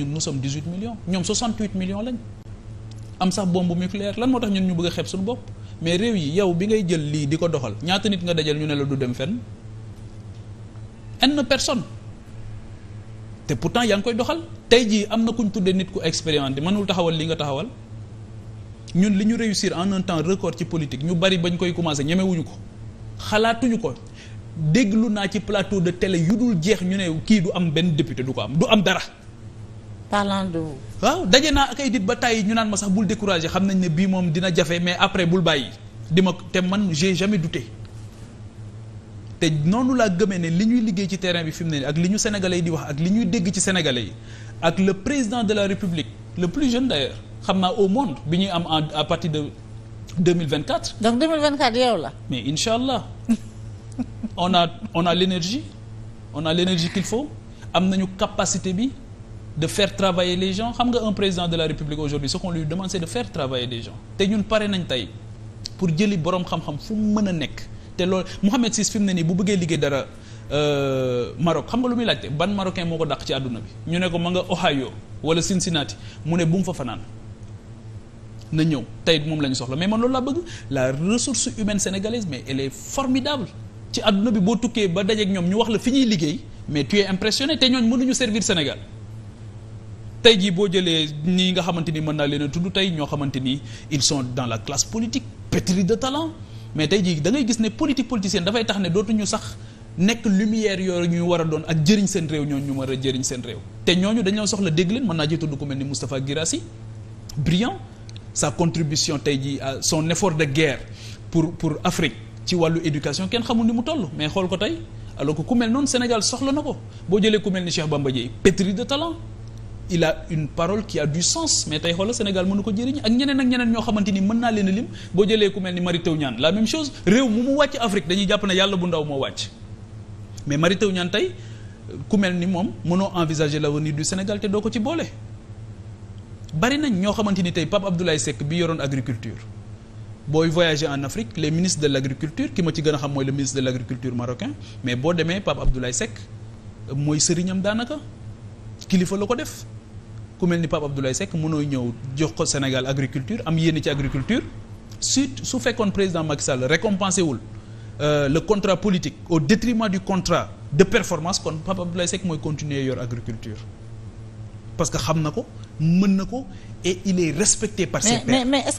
ñun nous sommes 18 millions ñoom 68 millions lañ am sax bombe nucléaire lan moo tax ñun ñu bëgg a xeeb suñu bopp mais réew yi yow bi ngay jël lii di ko doxal ñaata nit nga dajal ñu ne la du dem fenn n personne te pourtant yaa ngi koy doxal tey jii am na kuñ tuddee nit ku expérimenté manul taxawal li nga taxawal ñun li ñu réussir en un temps record ci politique ñu bari bañ koy commencé ñemewuñu ko xalaatuñu ko déglu naa ci plateau de télé yu jeex ñu ne kii du am benn député du ko am du am dara parlant de vous. waaw daje naa ak ay ba tàyyi ñu naan ma sax bul découragé xam nañ ne bii moom dina jafe mais après bul bàyyi di ma te man j'ai jamais douté te noonu laa gëmee ne li ñuy liggéey ci terrain bi fi mu ne nii ak li ñu sénégalais yi di wax ak li ñuy dégg ci sénégalais yi ak le président de la république le plus jeune d'ailleurs xam naa au monde bi ñuy am en à partir de 2024. donc 2024 yow la. mais incha allah on a on a l'énergie on a l'énergie am nañu capacité bi. de faire travailler les gens xam nga un président de la république aujourd'hui ce qu'on lui demande c'est de faire travailler les gens te ñun pare nañ tey pour jëli boroom xam-xam fu mën a nekk te lool Mouhamed Sis fi ne nii bu bëggee liggéey dara euh, Maroc xam nga lu muy laajte ban marocain moo ko dàq ci àdduna bi ñu ne ko ma nga Ohio wala Cincinnati mu ne bu mu fa fanaan na ñëw tey moom la ñu soxla mais man loolu laa bëgg la ressource humaine sénégalaise mais elle est formidable ci àdduna bi boo tukkee ba dajeek ñoom ñu wax la fi ñuy liggéey mais tu es impressionné te ñooñ mënuñu servir Sénégal tey jii boo jëlee nii nga xamante ni mën naa leen a tudd tey ñoo xamante ni ils son dans la classe politique pétrie de talent mais tey jii da gis ne politique politicienne dafay tax ne dootuñu sax nekk lumière yooyu ñuy war a doon ak jëriñ seen réew ñooñu ñu war a jëriñ seen réew te ñooñu dañoo soxla dégg leen mën naa ji tudd ku mel ni Moustapha Guirassy brillant sa contribution tey jii à son effort de guerre pour pour Afrique ci wàllu éducation kenn xamul ni mu toll mais xool ko tey alors ku mel noonu Sénégal soxla na ko boo jëlee ku mel ni Cheikh Bamba Dièye de talent il a une parole qui a du sens mais tey xoola Sénégal mënu ko jëriñ ak ñeneen ak ñeneen ñoo xamante ni mën naa leen a lim boo jëlee ku mel ni Mary Teuw Niane la même chose réew mu mu wàcc Afrique dañuy jàpp ne yàlla bu ndaw moo wàcc mais Mary Teuw tey ku mel ni moom mënoo envisager nii du Sénégal te doo ko ci boole. bari nañ ñoo xamante ni tey Pape Abdoulaye sekk bi yoroon agriculture booy voyager en Afrique les ministres de l' agriculture ki ma ci gën xam mooy le ministre de l' agriculture marocain mais boo demee Pape Abdoulaye Seck mooy sëriñam daanaka kilifa la ko def. ku mel ni Pape Abdoulaye Seck mënoo ñëw jox ko Sénégal agriculture am yéene ci agriculture su su fekkoon président Macky Sall récompensé wul euh, le contrat politique au détriment du contrat de performance kon Pape Abdoulaye Seck mooy continuer yor agriculture parce que xam na ko mën na ko et il est respecté par ses pairs.